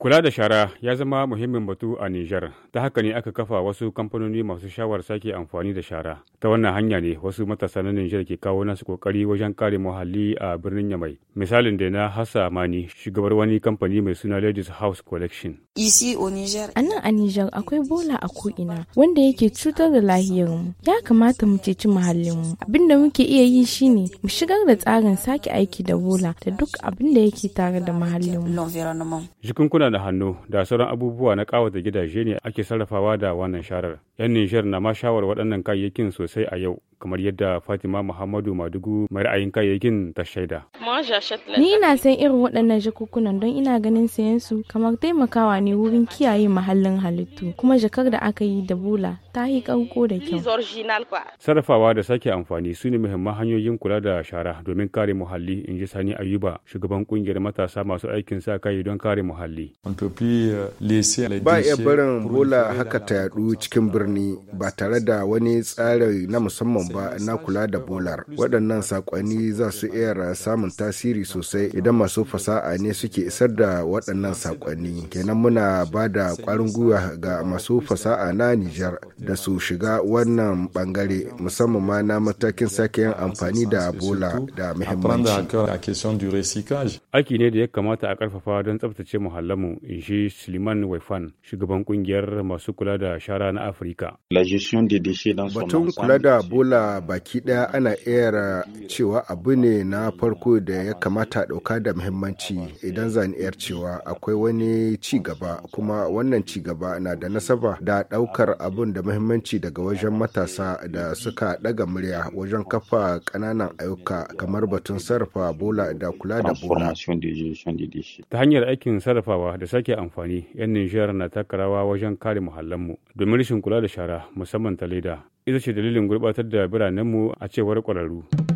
Kula da shara ya zama muhimmin batu a Nijar, ta haka ne aka kafa wasu kamfanoni masu shawar sake amfani da shara. Ta wannan hanya ne wasu matasa na Nijar ke kawo nasu kokari wajen kare muhalli a birnin Yamai. Misalin da na Hassa Mani, shugabar wani kamfani mai suna Ladies House Collection. A nan a Nijar akwai bola a ko'ina wanda yake cutar da lahiyarmu. Ya kamata mu ceci muhallinmu. Abin da muke iya yi shine mu shigar da tsarin sake aiki da bola da duk abin da yake tare da muhallinmu. ƙanana hannu da sauran abubuwa na ƙawata gidaje ne ake sarrafawa da wannan sharar. 'Yan Nijar na ma shawar waɗannan kayayyakin sosai a yau, kamar yadda Fatima Muhammadu Madugu mai ra'ayin kayayyakin ta shaida. Ni ina san irin waɗannan jakunkunan don ina ganin sayan su kamar taimakawa ne wurin kiyaye muhallin halittu, kuma jakar da aka yi da bula ta yi ƙauko da kyau. Sarrafawa da sake amfani su ne muhimman hanyoyin kula da shara domin kare muhalli, in ji Sani Ayuba, shugaban ƙungiyar matasa masu aikin sa kai don kare muhalli. Euh, ba iya barin bola haka ta yaɗu cikin birni birni ba tare da wani tsari na musamman ba na kula da bolar waɗannan sakonni za su iya samun tasiri sosai idan masu fasa'a ne suke isar da waɗannan sakonni kenan muna ba da ƙwarin gwiwa ga masu fasa'a na nijar da su shiga wannan ɓangare musamman ma na matakin sake yin amfani da bola da muhimmanci aiki ne da ya kamata a ƙarfafa don tsabtace muhallanmu in shi suleiman waifan shugaban ƙungiyar masu kula da shara na afirka Afirka. Batun kula da bola baki ɗaya ana iya cewa abu ne na farko da ya kamata ɗauka da muhimmanci idan zan iya cewa akwai wani ci gaba kuma wannan ci gaba na da nasaba da ɗaukar abun da muhimmanci daga wajen matasa da suka ɗaga murya wajen kafa ƙananan ayyuka kamar batun sarrafa bola da kula da bola. Ta hanyar aikin sarrafawa da sake amfani 'yan Nijar na takarawa wajen kare muhallanmu domin rashin kula da shara musamman ta leda ita ce dalilin gurbatar da biranenmu a cewar kwararru